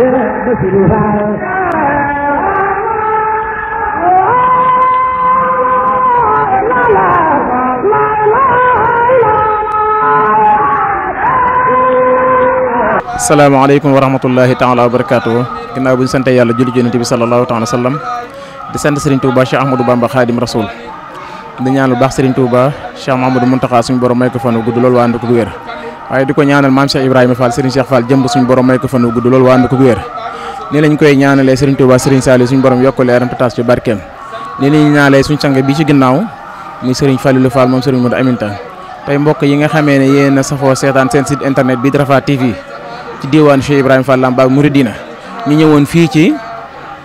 مثل هذا salaamaaleykum wa rahmatullahi taala wa barakaatu ginnaaw bu ñu sante yàlla julli yonent bi sallallahu taala sallam di sant Serigne Touba Cheikh Ahmadou Bamba Khadim Rasoul di ñaan lu baax Serigne Touba Cheikh Mahamadou Mountakha suñu borom may ko fan gudd loolu waa ànd ko wér waaye di ko ñaanal maam Cheikh Ibrahima Fall Serigne Cheikh Fall jëmb suñu borom may ko fan gudd loolu waa mi ko wér ni lañ koy ñaanalee Serigne Touba Serigne Saliou suñu borom yokk leeram taas ci barkeem ni lañ ñaanalee suñu sang bi ci ginnaaw muy Serigne Fallilou Fall moom Serigne Modou Aminta tey mbokk yi nga xamee ne yéen a safoo seetaan seen site internet bi Rafah TV ci diwaan Cheikh Ibrahima Fall Lambaye Mouridina ñu ñëwoon fii ci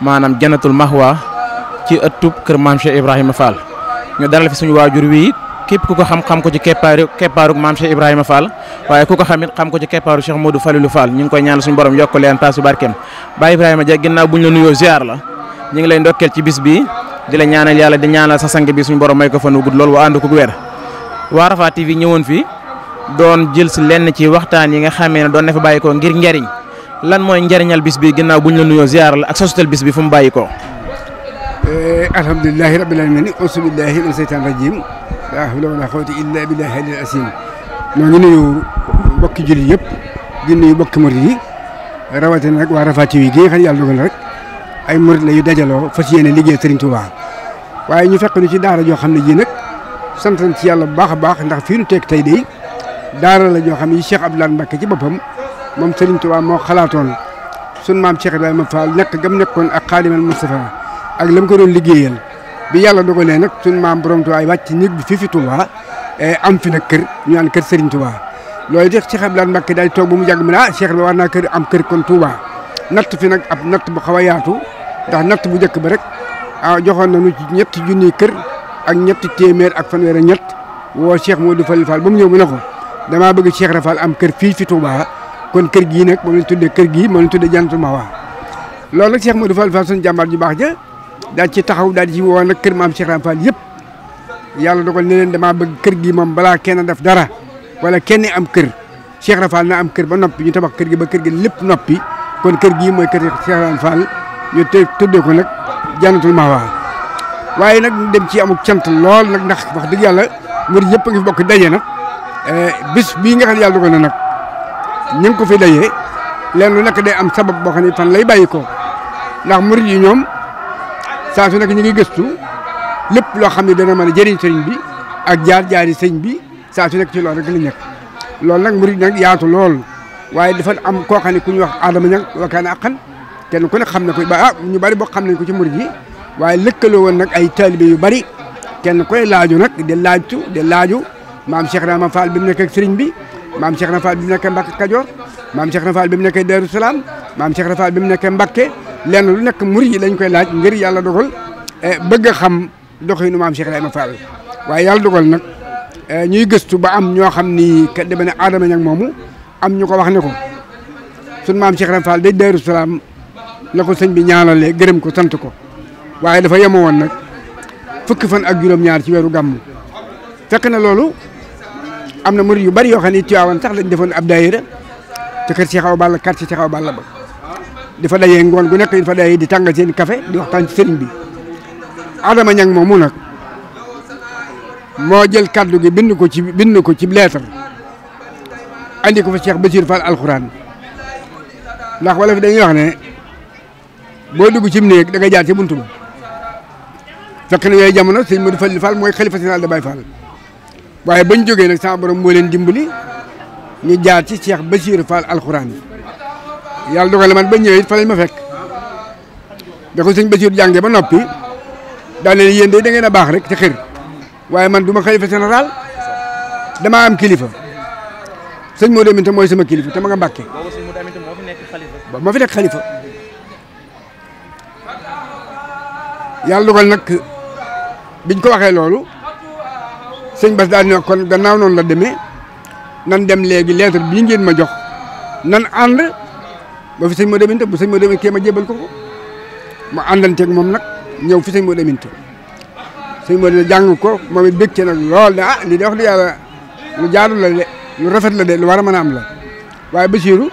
maanaam janatul mahwa ci ëttub kër maam Cheikh Ibrahima Fall képp ku ko xam xam ko ci keppaaru maam Cheikh Ibrahima Fall waaye ku ko xam xam ko ci keppaaru Cheikh Modou Falilou Fall ñu ngi koy ñaanal suñu borom yokk leen taasu barkeem Baye Ibrahima Dia ginnaaw bu la nuyoo ziar la bi di la ñaanal nga xamee ne doon na fa bàyyi ko ngir njariñ lan mooy njariñal bis bi ginnaaw bu la nuyoo ziar la ak sosotal bis bi fu mu bàyyi ko eh, alhamdulillahi laa hawla wa laa quwwata illaa billaahi al-aliyyil aziim ñoo ngi nuyu mbokki jullit yëpp di nuyu mbokki murit yi rawatina nag waa Rafah TV gi nga xam yàlla dogal rek ay murit la yu dajaloo fas yéene liggéey Serigne waa waaye ñu fekk ñu ci daara joo xam ne jii nag sant nañ ci yàlla bu baax a baax ndax fii nu teg tey de daara la joo xam ne Cheikh Abdoulaye Mbacké ci boppam moom Serigne Touba moo xalaatoon sun maam Cheikh Ibrahima Fall nekk gam nekkoon ak Xaadimal Mustafa ak lam ko doon liggéeyal bi yàlla dogalee nag suñ maam borom Touba yi wàcc nit bi fii fi Touba eh, am fi nag kër ñu naan kër Serigne Touba loolu de Cheikh Abdoulaye Mbacké daal toog ba mu jàgg mi ne ah Cheikh bi war naa am kër kon Touba natt fi nag ab natt bu xaw a yaatu ndax natt bu njëkk ba rek ah joxoon nañu ci ñetti junniy kër ak ñetti téeméer ak fanweer ak ñett woo Cheikh Modou Fall Fall ba mu ñëw mu ne ko damaa bëgg Cheikh Rafal am kër fii fi Touba kon kër gii nag moom lañ tuddee kër gii moom lañ tuddee Jannatul Mahwa loolu nag moo Modou Fall Fall suñu jàmbaar ju baax ja daal ci taxaw daal ci woo nag kër maam Cheikh Ibra Fall yëpp yàlla dogal ne leen damaa bëgg kër gi moom balaa kenn def dara wala kenn am kër Cheikh Ibra Fall na am kër ba noppi ñu tabax kër gi ba kër gi lépp noppi kon kër gi mooy kër Cheikh Ibra ñu te tuddee ko nag ma mawaa waaye nag dem ci amuk cant lool nag ndax wax dëgg yàlla murid yëpp a ngi fi bokk daje nag eh, bis bii nga xam ne yàlla dogal nag ñu ko fi dajee leen lu nekk day am sabab boo xam ne fan lay ndax murid yi ñoom saa su nekk ñu ngi gëstu lépp loo xam ne dana mën a jëriñ bi ak jaar-jaari sëriñ bi saa su ci loo rek la nekk loolu nag murid nag yaatu lool waaye dafa am koo xam ku ñuy wax Adama Niang wakaana aqan kenn ku ne xam na ko ba ah ñu bari boo xam nañ ko ci murid yi waaye lëkkaloo woon nag ay taalibe yu bari kenn koy laaju nag de laajtu de laaju maam Cheikh na ma faal mu nekk ak sëriñ bi maam Cheikh Rama Fall bi mu nekkee Mbacke Kajoor maam Cheikh Rama Fall bi mu nekkee Darou bi mu nekkee Mbacke lenn lu nekk murid yi lañ koy laaj ngir yàlla dogal eh, bëgg a xam doxinu maam Cheikh Ibrahima Fall waaye yàlla dogal nag eh, ñuy gëstu ba am ñoo xam ni kat deme ne aadama moomu am ñu ko wax ne ko sun maam Cheikh Ibrahima Fall day Daaru Salaam la ko sëñ bi ñaanalee gërëm ko sant ko waaye dafa yemoo woon nag fukki fan ak juróom-ñaar ci weeru gàmm fekk na loolu am na murid yu bari yoo xam ne Tiwaawan sax lañ defoon ab daayira te kër xaw Awa Balla quartier Cheikh xaw Balla ba di fa dayee ngoon gu nekk di fa dayee di tànga seen kafe di waxtaan ci sëriñ bi Adama Niang moomu nag moo jël kaddu gi bind ko ci bind ko ci lettre andi ko fa Cheikh Bassirou Fall alxuraan ndax wala fi dañuy wax ne boo dugg ci néeg da nga jaar ci buntu ma fekk na yooyu jamono sëñ Modou Fall Fall mooy xalifa général de Baye Fall waaye bañ jógee nag sama borom moo leen dimbali ñu jaar ci Cheikh Bassirou Fall alxuraan yàlla dogal man ba ñëwee it ma fekk ko sëñ ba noppi daal leen yéen de da ngeen a baax rek waaye man du ma xalifa général damaa am kilifa sëñ Modou Aminta mooy sama kilifa te ma nga Mbàkke ba moo fi nekk xalifa yàlla dogal biñ ko waxee loolu sëñ Bas daal ne kon gannaaw noonu la demee nan dem léegi lettre bii ngeen ma jox nan ànd. ba fi sëñ moo deminte bu sëñ moo deminte kee ma jébal ko ko ma moom nag ñëw fi sëñ moo deminte sëñ moo deminte jàng ko moom it bégte nag lool ne ah lii de wax di yàlla lu la de lu rafet la de lu war mën am la waaye Basiiru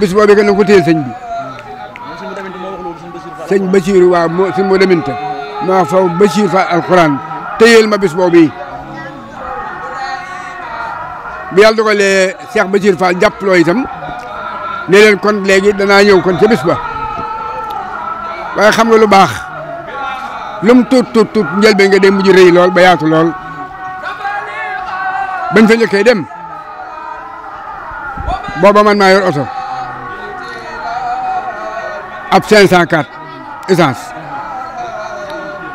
bis boo béggee na ko téye sëñ bi sëñ Basiiru waaw moo sëñ moo ma faw Basiiru fa alquran téyeel ma bis boobu bi yàlla dogalee Cheikh Basiiru Fall jàppaloo itam ne leen kon léegi danaa ñëw kon ca bis ba waaye xam nga lu baax lu mu tuut tuut tuut nga dem mujj rëy lool ba yaatu lool bañ fa njëkkee dem booba man maa yor oto ab 504 essence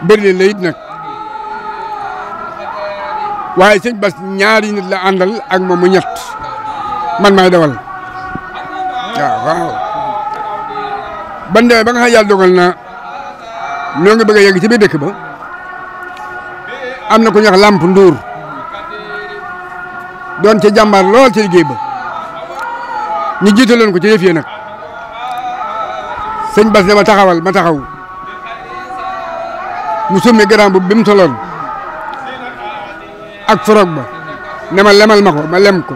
berline la it nag waaye sëñ Bas ñaari nit la àndal ak moom mu ñett man maay dawal. waaw ah, waaw ban demee ba nga xam dogal na ñoo ngi bëgg a yegg ci biir dëkk ba am na ku ñax wax làmp nduur doon ci jàmbaar lool ci liggéey ba ñu jiitaloon ko ci yëf yi nag sëñ Bas ne ma taxawal ma taxaw mu summi garaam bi mu soloon ak forog ba ne ma lemal ma ko ma lem ko.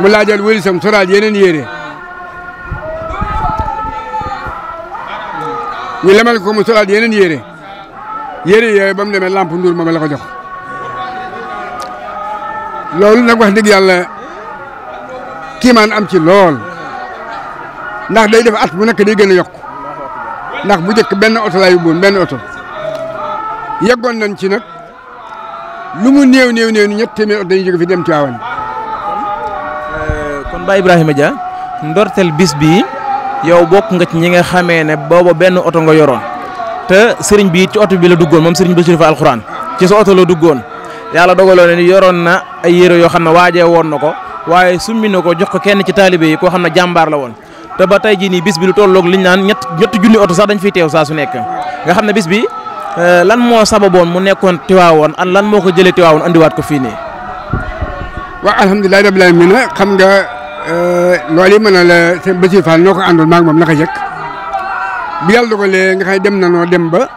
mu laajal wëlisam soraal yeneen yéere ñu lemal ko mu soraal yeneen yére yére yooyu ba mu demee lamp nduur moom la ko jox loolu nag wax dëgg yàlla kiimaan am ci lool ndax day def at bu nekk day gën a yokk ndax bu njëkk benn oto lay yóbbuwoon benn oto yeggoon nañ ci nag lu mu néew néew néew ñett téeméer oto dañuy jóge fi dem Tiwaawan kon Baye Ibrahima Dia ndorteel bis yow bokk nga ci ñi nga xamee ne booba benn oto nga yoroon te sëriñ bi ci oto bi la duggoon moom sëriñ Bassirou Fall alxuraan ci sa oto la duggoon yàlla dogaloo ne yoroon na ay yére yoo xam ne waajee woon na ko waaye summi na ko jox ko kenn ci taalibe yi koo xam ne jàmbaar la woon te ba tey ji nii bis bi lu tolloog liñ naan ñett ñett junni oto sax dañ fiy teew saa su nekk nga xam ne bis bi euh, lan moo sababoon mu nekkoon tiwaawoon an lan moo ko jëlee tiwaawoon andiwaat ko fii nii. Euh, loolu yi mën na la seen Bassirou Fall noo ko àndoon maa ngi moom bi yàlla dogalee nga xam dem na noo dem ba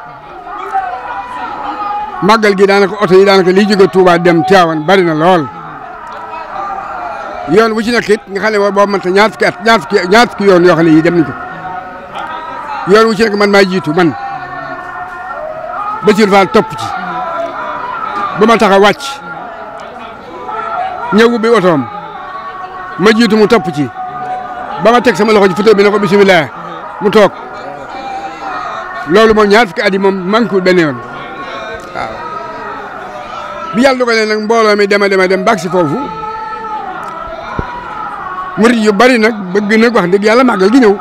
màggal gi daanaka oto yi daanaka liy jóge Touba dem Tivaouane bari na lool. yoon wu ci nekk it nga xam ne boo mënta ñaat ki at ñaar yoon yoo xam ne dem na ko yoon wu ci man maa jiitu man Bassirou Fall topp ba ma tax a wàcc ñëw bi otoom. ma jiitu mu topp ci ba ma teg sama loxo ci foto bi na ko bisimilah mu toog loolu moom ñaar fukki at yi moom manqué benn yoon waaw bi yàlla nag mbooloo mi dema dema dem bàq si foofu murit yu bari nag bëgg nag wax dëgg yàlla màggal gi ñëw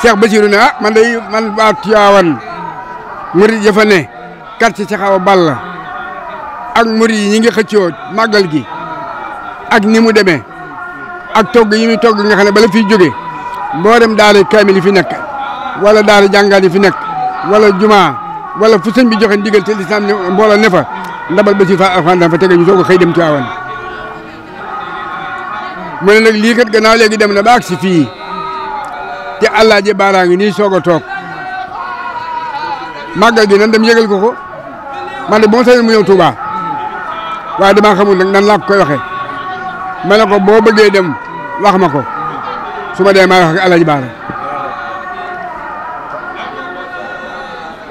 Cheikh Bassirou ne ah man day man waa Tiwaawan murit ya fa ne quartier Cheikh Awa ak murit yi ñi ngi xëccoo màggal gi ak ni mu demee ak togg yi muy togg nga xam ne bala fi jógee mboolem daara kaamil yi fi nekk wala daara jàngaat yi fi nekk wala jumaa wala fu sëñ bi joxe ndigal te lislaam ne mboola ne ndabal ba si fa alxuraan fa tege ñu soog a xëy dem ci awan mu ne nag lii kat dem na ba si fii te Alaaji Baara ngi ni soog a toog màggal gi nan dem yëgal ko ko man de bon sañoon mu ñëw Touba waaye damaa xamul nan laa koy waxee ma ne ko boo bëggee dem wax ma ko su dee maa wax ak El Baara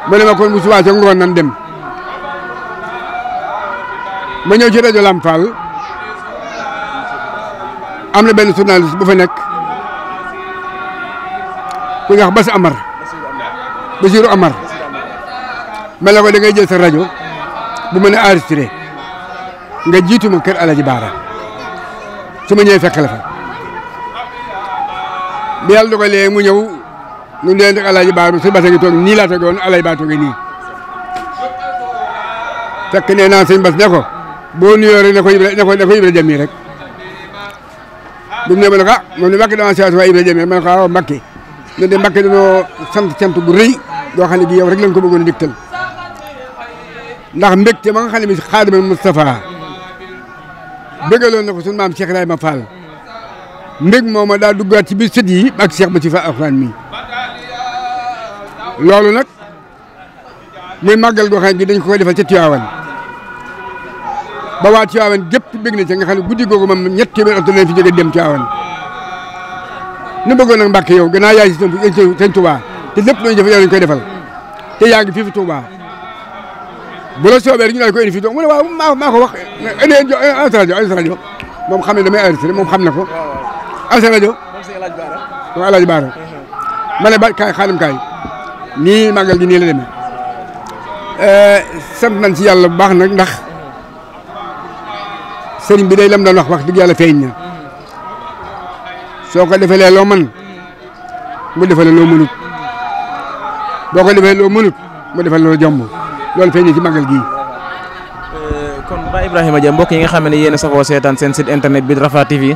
ma ne ma kon bu subaa ca ngoon nan dem ma ñëw ci rajo Lam am na benn journaliste bu fa nekk ku ñuy wax Basi Amar Basiru Amar ma ne ko da jël sa rajo bu mën a enregistré nga jiitu ma kër El Hadj Baara. si ma ñëwee fekk la fa bi yàlla dogalee mu ñëw ñu dee nag alaaji baaru sëñ basa nii laa toogoon alaaji baa toogee fekk nee naa sëñ bas ne boo nuyoo rek ne ko ne rek bu mu ne ma ne ko ah moom ne Mbacke dama siyaas waaye Ibra Jami ma ne ko ah Mbacke ñun de sant sant bu rëy doo xam ne gi yow rek lañ ko bëggoon a dégtal ndax mbégte ma nga xam bëggaloon na ko sunu maam Cheikh Ibrahima Fall mbég mooma daa duggaat ci biir sët yi ak Cheikh Mati Fall Alxuraan mi loolu nag muy màggal goo xam ne dañ ko koy defal ca Tiwaawan ba waa Tiwaawan gépp bëgg na ca nga xam ne guddi googu moom ñett téeméer oto lañ fi jógee dem Tiwaawan nu bëggoon nag Mbàkke yow gannaaw yaay si sëñ Tuubaa te lépp looñu def yow lañ defal te yaa ngi fii fi Tuubaa bu la soobee ñu daal ko indi fii maa ko wax indi indi as rajo as rajo moom xam xam na ko as rajo moom uh-huh. ma ne ba kaay xaalim kaay nii màggal gi nii la eh, yàlla bu baax nag ndax sëriñ bi day lam doon wax wax yàlla feeñ uh-huh. soo ko defalee loo mën mu defalee loo mënut boo ko defalee loo mënut mu defal loo jomb loolu feeñee ci euh, kon Baye Ibrahima Dia mbokk yi nga xam ne yéen a safoo seetaan seen site internet bi Rafah TV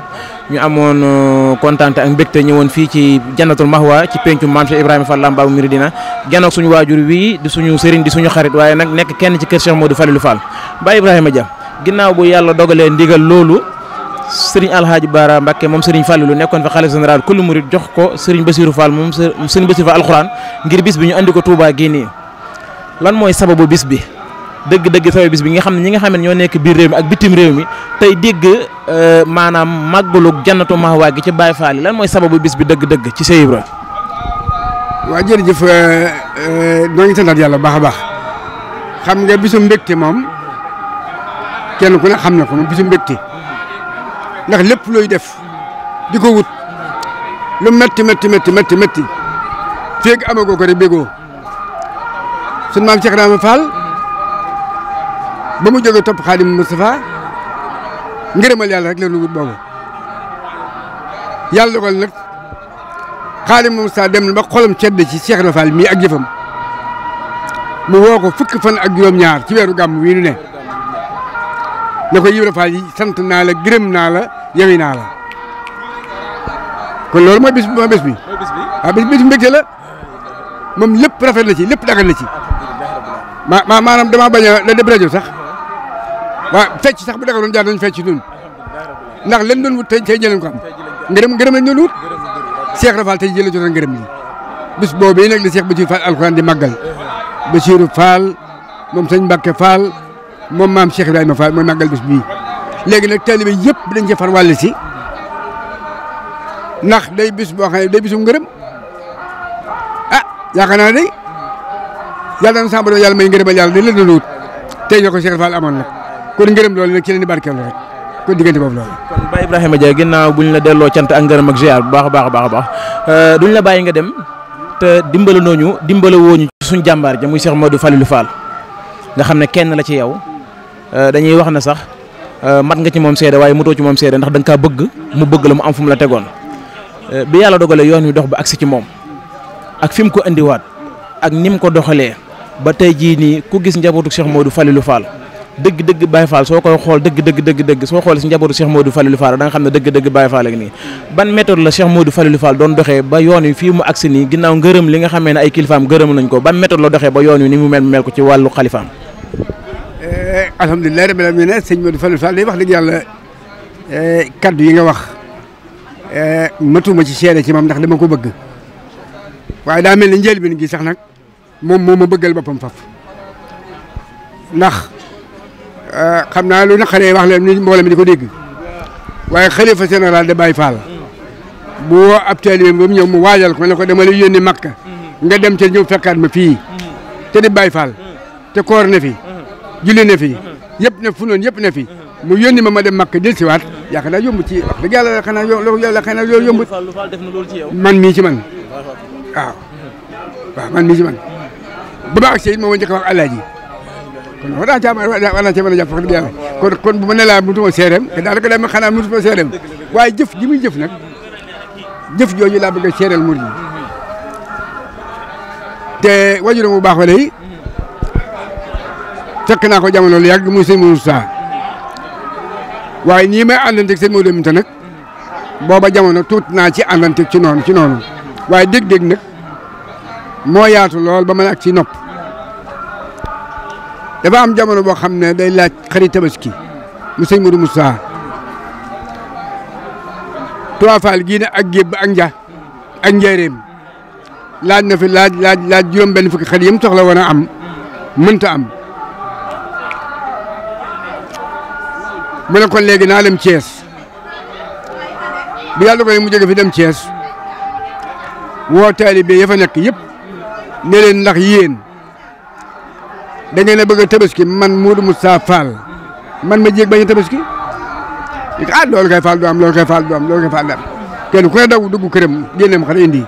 ñu amoon euh, kontaan ak mbégte ñëwoon fii ci jannatul mahwa ci pencu maam Cheikh Ibrahima Fall Lambabu Mouridina gànnaaw suñu waajur wii di suñu sëriñ di suñu xarit waaye nag nekk kenn ci kër Cheikh Modou Falilou Fall Baye Ibrahima Dia ginnaaw bu yàlla dogalee ndigal loolu. sëriñ alhaaji Baara Mbacke moom sëriñ lu nekkoon fa xalifa général kullu murid jox ko sëriñ Bassirou Fall moom sëriñ Bassirou Fall alxuraan ngir bis bi ñu andi ko Touba gii lan mooy sababu bis bi dëgg-dëgg sababu bis bi nga xam ne ñi nga xam ne ñoo nekk biir réew mi ak bitim réew mi tey dégg euh, maanaam màggalug jannatu mahwa gi ci Baye yi lan mooy sababu bis bi dëgg-dëgg ci Cheikh Ibra waaw jërëjëf euh, euh, ñoo ngi yàlla baax a baax xam nga bisu mbégte moom kenn ku ne xam na ko moom bisu mbégte ndax lépp looy def di ko wut lu metti metti metti metti metti feeg amagoo ko rek bégoo suñu maam Cheikh Ibrahima Fall ba mu jógee topp Xaadim Moustapha ngërëmal yàlla rek la nu wut boobu yàlla dogal nag Xaadim Moustapha dem na ba xolam cedd ci Cheikh Ibrahima Fall mii ak jëfam mu woo ko fukk fan ak juróom-ñaar ci weeru gàmm wii nu ne ne ko Ibrahima Fall sant naa la gërëm naa la yewi naa la kon loolu mooy bis mooy bis bi. mooy bis bi ah bis bi mbégte la moom lépp rafet na ci lépp dagal na ci. ma ma maanaam damaa bañ a la débrajé sax waaw fecc sax bu dagaloon jaar nañ fecc ñun ndax leen doon wut tey tey jëlee ko am ngërëm ngërëm lañ doon wut Cheikh Rafal tey jëlee jotoon ngërëm li bis boobu yi nag li Cheikh Bachir Fall alxuraan di màggal Bachirou Fall moom sëñ Mbacke Fall moom maam Cheikh Ibrahima Fall mooy màggal bis bii léegi nag taalibe yëpp dañ ci far wàll si ndax day bis boo xam ne day bisum ngërëm ah yaakaar naa day yàlla na sàmm yàlla may ngërëmal yàlla dañ la doon wut tey la ko Cheikh Fall amoon nag kon ngërëm loolu nag ci leen di barkeelu rek kon diggante boobu loolu. kon Baye Ibrahima Diaye bu ñu la delloo cant ak ngërëm ak ziar baax a a baax baax euh, duñ la bàyyi nga dem te dimbala nooñu dimbala wooñu ci suñu jàmbaar ja muy Cheikh Modou Falilou Fall nga xam ne kenn la ci yow euh, dañuy wax na sax euh, mat nga ci moom seede waaye mutoo ci moom seede ndax da nga bëgg mu bëgg la mu am fu mu la tegoon bi yàlla dogalee yoon wi dox ba agsi ci moom ak fi mu ko indiwaat ak ni mu ko doxalee ba tey jii nii ku gis njabootu Cheikh Modou Falilou Fall dëgg-dëgg Baye Fall soo koy xool dëgg dëgg dëgg dëgg soo xoolee si njabootu Cheikh Modou Falilou Fall da nga xam ne dëgg-dëgg Baye Fall ak nii ban méthode la Cheikh Modou Falilou Fall doon doxee ba yoon wi fii mu agsi nii ginnaaw ngërëm li nga xamee ne ay kilifaam gërëm nañ ko ban méthode la doxee ba yoon wi ni mu mel mu mel ko ci wàllu xalifaam eh, alhamdulilah rabbil alamin eh, sëñ Modou Falilou Fall day wax dëgg yàlla eh, kaddu yi nga wax matuma ci seere ci moom ndax dama ko bëgg waaye daa moom moo ma bëggal boppam faf ndax euh, xam naa lu na xale wax leen ni mboolem mi di ko dégg waaye xalifa général de Baye Fall bu woo ab taalibe ba mu ñëw mu waajal ko ne ko dama lay yónni Makka nga dem ca ñëw fekkaat ma fii te di Baye Fall te koor ne fi julli ne fi yëpp ne fu noonu yëpp ne fi mu yónni ma ma dem Makka del siwaat yaakaar naa yomb ci wax dëgg yàlla xanaa loolu yàlla xanaa loolu yombut man mii ci man waaw waaw man mii man ba ma àggsee it moom ma a wax alaaji kon wax dëgg yàlla war a kon kon bu ma ne laa mënutuma seereem te daanaka dama xanaa mënutuma seereem waaye jëf ji muy jëf nag jëf jooju laa bëgg a mur yi te wajur bu baax wala yi fekk naa ko jamono lu yàgg muy sëñ Moussa waaye nii may àndanteeg se Modou Minta nag booba jamono tuut naa ci àndanteeg ci noonu ci noonu waaye dégg-dégg nag. moo yaatu lool ba mën ak ci nopp dafa am jamono boo xam ne day laaj xarit tabaski mu sëñ Modou Moussa Touba Fall gii ne ak gébb ak nja ak njéeréem laaj na fi laaj laaj laaj juróom benn fukki xarit yi mu soxla woon am mënta am mu ne kon léegi naa dem Thiès bu yàlla koy mu jóge fi dem Thiès woo taalibe ya fa nekk yëpp ne leen ndax yéen da ngeen a bëgg a tabaski man Modou Moussa Fall man ma jéeg bañ a tabaski ah loolu kay lool du kay Fall du am loolu kay Fall du am kenn ku ne daw dugg këram génneem xar indi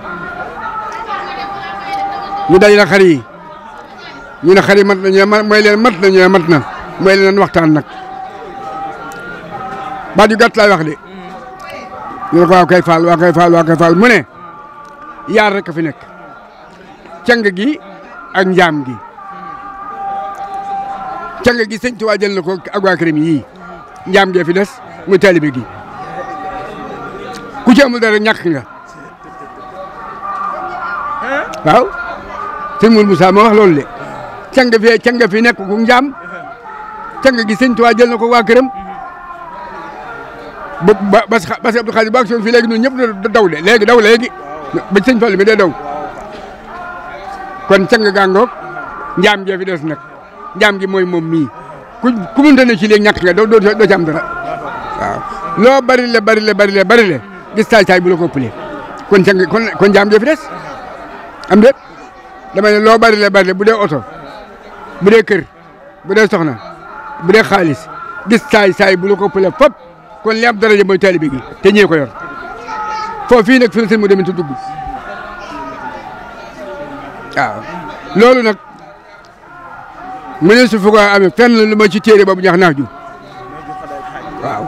ñu daj la i yi ñu ne xar yi mat nañu mooy leen mat nañu mat na mooy leen waxtaan nag baat yu gàtt laay wax de mm. ñu ne ko kay Fall waaw kay Fall mu ne yaar rek ka fi nekk. cang gi ak njaam gi cang gi sëñ waa jël na ko ak waa këram yii njaam gee fi des muy taalibe gi ku ci amul dara ñàkk nga waaw sëñ Mourou Moussa wax loolu de cang fi cang fi nekk ku njaam cang gi sëñ waa jël na ko waa këram ba ba Bass Abdou Khadre ba ak soon fii léegi ñun ñëpp daw de léegi daw léegi ba sëñ Fallu mi day daw kon cang gàngoog njaam jee fi des nag njaam gi mooy moom mii ku ku mënta ne ci léegi ñàkk nga doo doo doo dara loo bari le bari le bari le bari le gis taay taay bu ko ëppalee kon cang kon kon njaam jee fi des am déet dama ne loo bari le bari le bu dee oto bu dee kër bu dee soxna bu dee xaalis gis taay taay bu la ko ëppalee fop kon li am dara mooy taalibe gi te ñee ko yor foofu fii nag fi mu demee te dugg waaw ah. loolu nag mënees fu ko amee fenn lu ma ci téere boobu ñax naaju waaw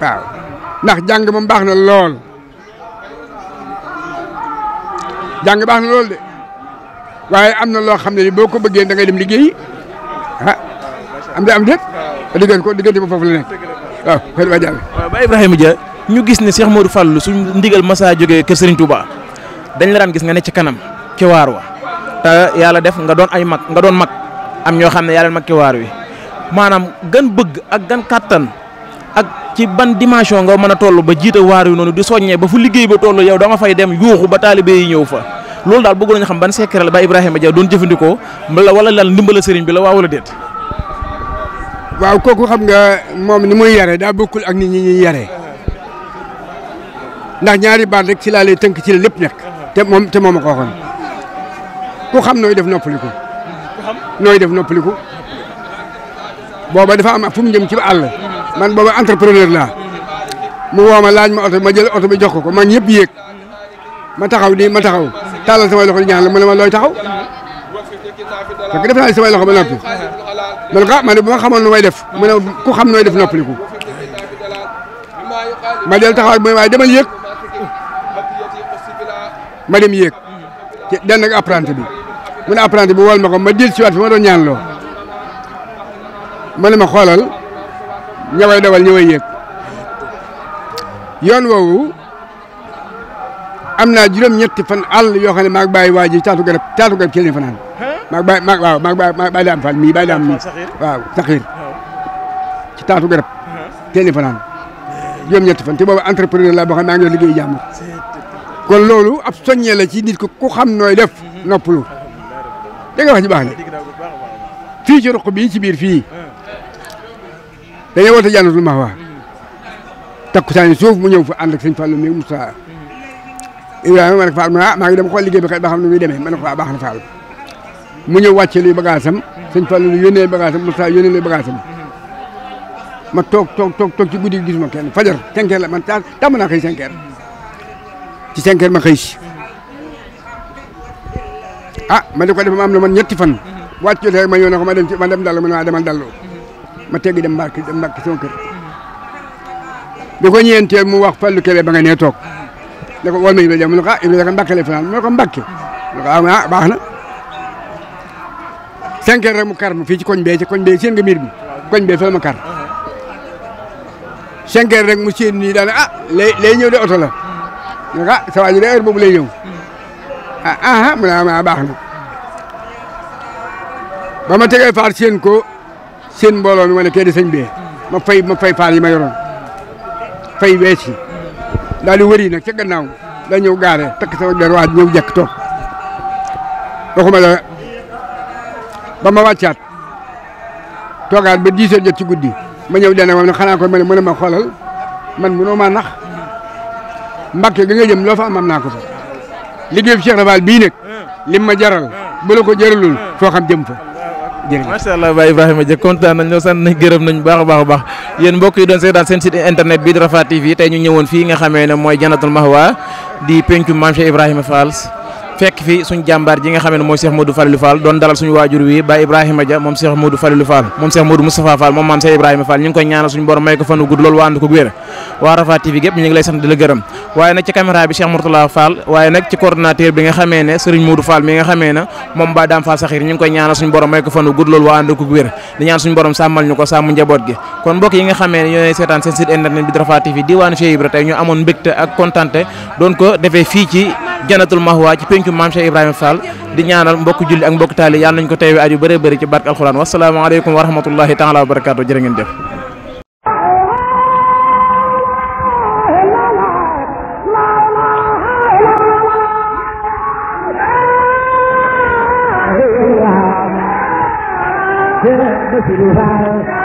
waaw ndax jàng moom baax na lool jàng baax na lool de waaye am na loo xam ne boo ko bëggee da ngay dem liggéeyi ah am de am déet diggante ko diggante ko foofu la nekk waaw xëy na jàll ba Ibrahima Dia ñu gis ne Cheikh Modou Fallou suñ ndigal masa jógee kër Serigne Touba dañ la daan gis nga ne ci kanam ci waar wa te yàlla def nga doon ay mag nga doon mag am ñoo xam ne yàlla mag ci waar wi maanaam gan bëgg ak gan kàttan ak ci ban dimension nga mën a toll ba jiite waar wi noonu di soññee ba fu liggéey ba toll yow da nga fay dem yuuxu ba taalibe yi ñëw fa loolu daal bëggoon nañu xam ban secret la ba Ibrahima Dia doon jëfandikoo la wala lan ndimbala sëriñ bi la waa wala déet. waaw kooku xam nga moom ni muy yare daa bokkul ak nit ñi ñuy yare ndax ñaari baat ci laa tënk ci ku xam nooy def noppaliku. ku def noppaliku. booba dafa am fu mu jëm ci àll. man booba entrepreneur laa. mu woo ma laaj ma oto ma jël oto bi jox ko ko man ñëpp yéeg. ma taxaw di ma taxaw tàllal samay loxo di ñaan la mu ne ma looy taxaw. parce que def naa samay loxo ba noppi. ma ne ko ah man ma xamoon nu may def. mu ku xam nooy def noppaliku. ma del taxawaat mooy waaye demal yéeg. ma dem yéeg. ci denn ak apprenti bi. mu ne apprenti bi wol ma ko ma dil si waat fi ma doon ñaan loo ma ne ma xoolal ñaway dawal ñëway yéeg yoon woowu am naa juróom-ñetti fan àll yoo xam ne maa ngi bàyyi waa ji taatu garab taatu garab kii la ñu fanaan maa ngi maa waaw maa ngi bàyyi maa ngi bàyyi mii bàyyi ci taatu garab kii la ñu fanaan juróom-ñetti fan te boobu entrepreneur la boo xam maa ngi doon liggéey kon loolu ab soññee la ci nit ku xam nooy def mm-hmm. noppalu dégg nga wax ji baax na fii ci ruq bii ci biir fii dañuy woote jànnatul mahwa hmm. takkusaani suuf mu ñëw fa ànd ak sëñ Fallou mi Moussa hmm. Ibrahima ma ne ko Fall ma ah, maa ngi dem xool liggéey bi xëy ba xam ne muy demee ma ne ko waa ah, baax na Fall mu ñëw wàcce luy bagaasam hmm. sëñ Fallou lu yónnee bagaasam Moussa yónnee luy bagaasam ma toog toog toog toog ci guddi gi gisuma kenn fajar cinq la man taal tàmm naa xëy cinq heures ma xëy si a ah, ma di ko def ma am la man ñetti fan mhm. wàcc jotee rek ma ñëw ne ko ma dem ma dem dallu ma ne waa demal dallu mhm. ma dem mbàkk dem mbàkk kër mhm. bi ko ñeenteel mu wax fallu kebe ba nga nee toog ne ko wol ma Ibrahima mu ne ko ah Ibrahima mbàkke la fanaan mu ne ko mbàkke mu ah, ne ko ah baax na cinq rek mu kar mu fii ci koñ bee ci koñ bee seen nga miir bi koñ bee fa la kar cinq rek mu seen nii daal ah lay ñëw de oto la mu ne ko ah, de heure boobu lay ñëw Ah, ah ah mu ne ah, baax na ba ma tegee faal seen ko seen mbooloo mi ma ne kee di ma fay ma fay faal yi ma yoroon fay wees yi daal di wëri nag ca gannaaw da ñëw gaare takk sama der waa ñëw jekk toog waxuma la ba ma wàccaat toogaat ba 10 jot ci guddi ma ñëw dana moom ne xanaa ko ma ne ma xoolal man mënoo maa nax Mbàkke gi nga jëm loo fa am am naa ko fa liggéey bi Cheikh Raval bii nag eh. lim ma jaral eh. bu la ko jaralul eh. foo xam jëm fa. jërëjëf macha allah Baye Ibrahima Dia kontaan nañ loo sant nañ gërëm nañ baax a baax baax yéen mbokk yi doon seetaan seen site internet bii di Rafah TV tey ñu ñëwoon fii nga xamee ne mooy Janatul Mahwa di pencu Mame Cheikh Ibrahima Fall fekk fi suñ jàmbaar ji nga xam ne mooy Cheikh Modou Falilou Fall doon dalal suñu waajur wi Baye Ibrahima Dia moom Cheikh Modou Falilou Fall moom waaye nag ci caméra bi nga xamee ne Serigne Modou Fall mi nga xamee ne moom Ba Dam Fall Saxir ñu ngi koy ñaanal suñu borom may ko fanu gudd loolu waandu ko wér di ñaan suñu borom sàmmal ñu ko sàmm njaboot gi kon mbokk yi nga xamee ne seetaan seen site internet bi Rafah TV diwaanu Cheikh Ibra tey ñu amoon janatul mahwa ci pencu maam Cheikh Ibrahima Fall di ñaanal mbokk julli ak mbokk taali yàlla nañ ko teewee at yu bëree bëri ci barke alxuraan wasalaamaaleykum wa rahmatullahi taala wa barakaatu jërë jëf